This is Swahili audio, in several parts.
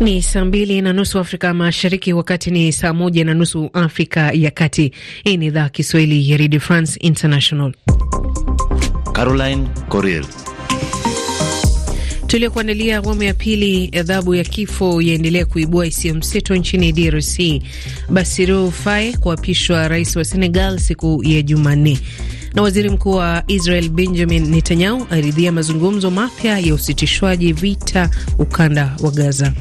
Ni saa mbili na nusu Afrika Mashariki, wakati ni saa moja na nusu Afrika ya Kati. Hii ni idhaa Kiswahili ya Redio France International. Caroline Coril tuliokuandalia awamu ya pili. Adhabu ya kifo yaendelea kuibua hisia mseto nchini DRC. Bassirou Faye kuapishwa rais wa Senegal siku ya Jumanne, na waziri mkuu wa Israel Benjamin Netanyahu aridhia mazungumzo mapya ya usitishwaji vita ukanda wa Gaza.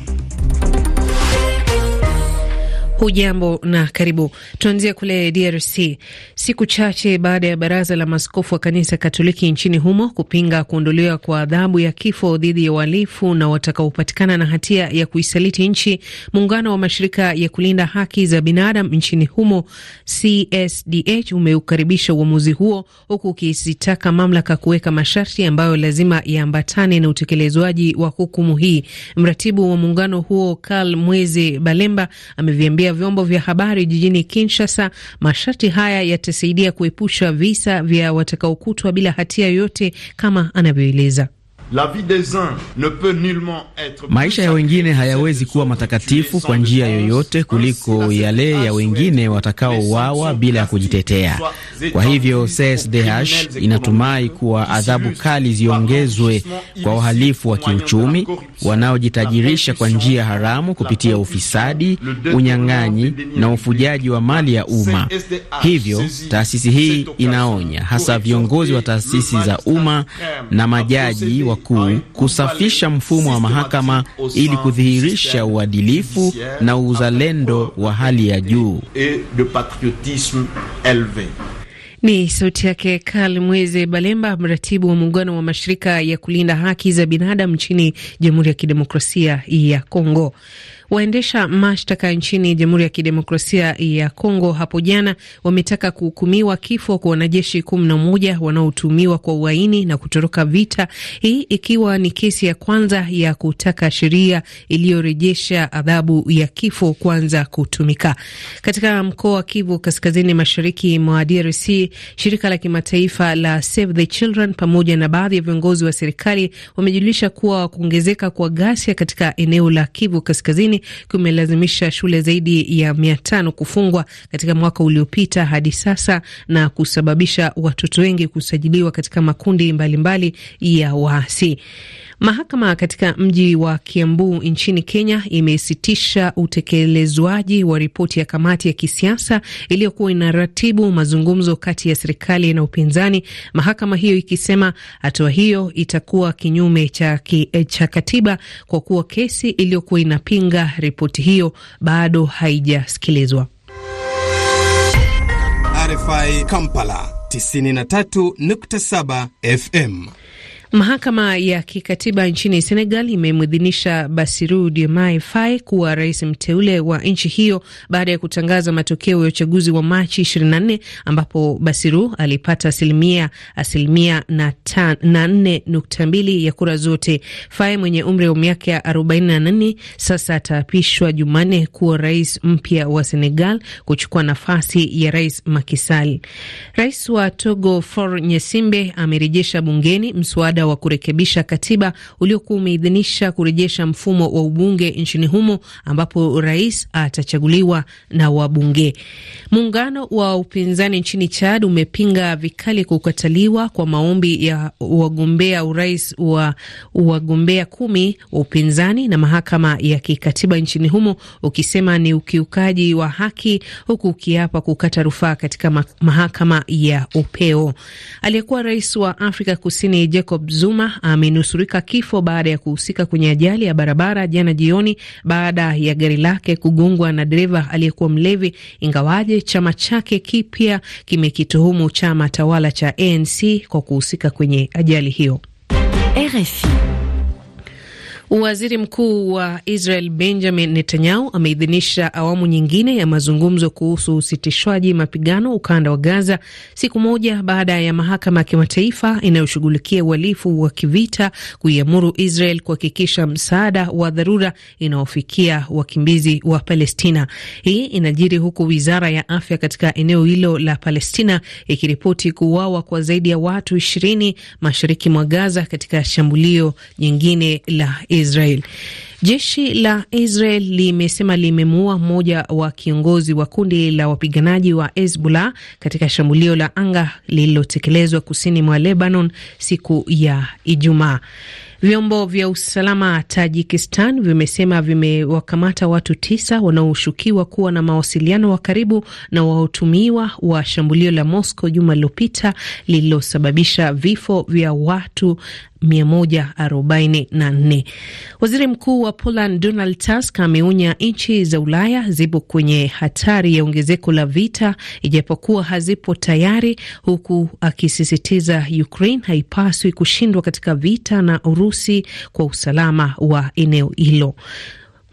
Hujambo na karibu. Tuanzie kule DRC. Siku chache baada ya baraza la maskofu wa kanisa Katoliki nchini humo kupinga kuondolewa kwa adhabu ya kifo dhidi ya uhalifu na watakaopatikana na hatia ya kuisaliti nchi, muungano wa mashirika ya kulinda haki za binadamu nchini humo CSDH umeukaribisha uamuzi huo, huku ukizitaka mamlaka kuweka masharti ambayo lazima yaambatane na utekelezwaji wa hukumu hii. Mratibu wa muungano huo Karl Mweze Balemba ameviambia ya vyombo vya habari jijini Kinshasa, masharti haya yatasaidia kuepusha visa vya watakaokutwa bila hatia yoyote, kama anavyoeleza. Maisha ya wengine hayawezi kuwa matakatifu kwa njia yoyote kuliko yale ya wengine watakaouawa bila ya kujitetea. Kwa hivyo CSDH inatumai kuwa adhabu kali ziongezwe kwa wahalifu wa kiuchumi wanaojitajirisha kwa njia haramu kupitia ufisadi, unyang'anyi na ufujaji wa mali ya umma. Hivyo taasisi hii inaonya hasa viongozi wa taasisi za umma na majaji wa wakuu kusafisha mfumo wa mahakama ili kudhihirisha uadilifu na uzalendo wa hali ya juu. Ni sauti yake Karl Mweze Balemba, mratibu wa muungano wa mashirika ya kulinda haki za binadamu nchini Jamhuri ya Kidemokrasia ya Kongo. Waendesha mashtaka nchini Jamhuri ya Kidemokrasia ya Kongo hapo jana wametaka kuhukumiwa kifo kwa wanajeshi kumi na moja wanaotumiwa kwa uaini na kutoroka vita, hii ikiwa ni kesi ya kwanza ya kutaka sheria iliyorejesha adhabu ya kifo kwanza kutumika. Katika mkoa wa Kivu Kaskazini, mashariki mwa DRC, shirika la kimataifa la Save the Children pamoja na baadhi ya viongozi wa serikali wamejulisha kuwa kuongezeka kwa ghasia katika eneo la Kivu Kaskazini kumi kumelazimisha shule zaidi ya mia tano kufungwa katika mwaka uliopita hadi sasa na kusababisha watoto wengi kusajiliwa katika makundi mbalimbali mbali ya waasi. Mahakama katika mji wa Kiambu nchini Kenya imesitisha utekelezwaji wa ripoti ya kamati ya kisiasa iliyokuwa inaratibu mazungumzo kati ya serikali na upinzani, mahakama hiyo ikisema hatua hiyo itakuwa kinyume cha, ki, cha katiba kwa kuwa kesi iliyokuwa inapinga ripoti hiyo bado haijasikilizwa. RFI Kampala 93.7 FM. Mahakama ya kikatiba nchini Senegal imemwidhinisha Bassirou Diomaye Faye kuwa rais mteule wa nchi hiyo baada ya kutangaza matokeo ya uchaguzi wa Machi 24 ambapo Bassirou alipata asilimia asilimia na 4.2 ya kura zote. Faye mwenye umri wa miaka 44 sasa ataapishwa Jumanne kuwa rais mpya wa Senegal kuchukua nafasi ya rais Macky Sall. Rais wa Togo Faure Nyesimbe amerejesha bungeni mswada mswada wa kurekebisha katiba uliokuwa umeidhinisha kurejesha mfumo wa ubunge nchini humo ambapo rais atachaguliwa na wabunge. Muungano wa upinzani nchini Chad umepinga vikali kukataliwa kwa maombi ya wagombea urais wa wagombea kumi wa upinzani na mahakama ya kikatiba nchini humo, ukisema ni ukiukaji wa haki, huku ukiapa kukata rufaa katika mahakama ya upeo. Aliyekuwa rais wa Afrika Kusini Jacob Zuma amenusurika kifo baada ya kuhusika kwenye ajali ya barabara jana jioni baada ya gari lake kugongwa na dereva aliyekuwa mlevi, ingawaje chama chake kipya kimekituhumu chama tawala cha ANC kwa kuhusika kwenye ajali hiyo. RFI Waziri Mkuu wa Israel Benjamin Netanyahu ameidhinisha awamu nyingine ya mazungumzo kuhusu usitishwaji mapigano ukanda wa Gaza, siku moja baada ya mahakama ya kimataifa inayoshughulikia uhalifu wa kivita kuiamuru Israel kuhakikisha msaada wa dharura inaofikia wakimbizi wa Palestina. Hii inajiri huku wizara ya afya katika eneo hilo la Palestina ikiripoti kuuawa kwa zaidi ya watu ishirini mashariki mwa Gaza katika shambulio nyingine la Israel. Jeshi la Israel limesema limemuua mmoja wa kiongozi wa kundi la wapiganaji wa Hezbollah katika shambulio la anga lililotekelezwa kusini mwa Lebanon siku ya Ijumaa. Vyombo vya usalama Tajikistan vimesema vimewakamata watu tisa wanaoshukiwa kuwa na mawasiliano wa karibu na wahutumiwa wa shambulio la Moscow juma lililopita lililosababisha vifo vya watu 144. Waziri Mkuu wa Poland Donald Tusk ameonya nchi za Ulaya zipo kwenye hatari ya ongezeko la vita ijapokuwa hazipo tayari, huku akisisitiza Ukraine haipaswi kushindwa katika vita na Urusi Urusi kwa usalama wa eneo hilo.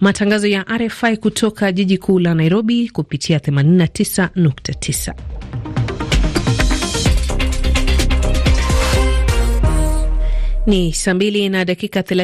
Matangazo ya RFI kutoka jiji kuu la Nairobi kupitia 89.9. Ni saa mbili na dakika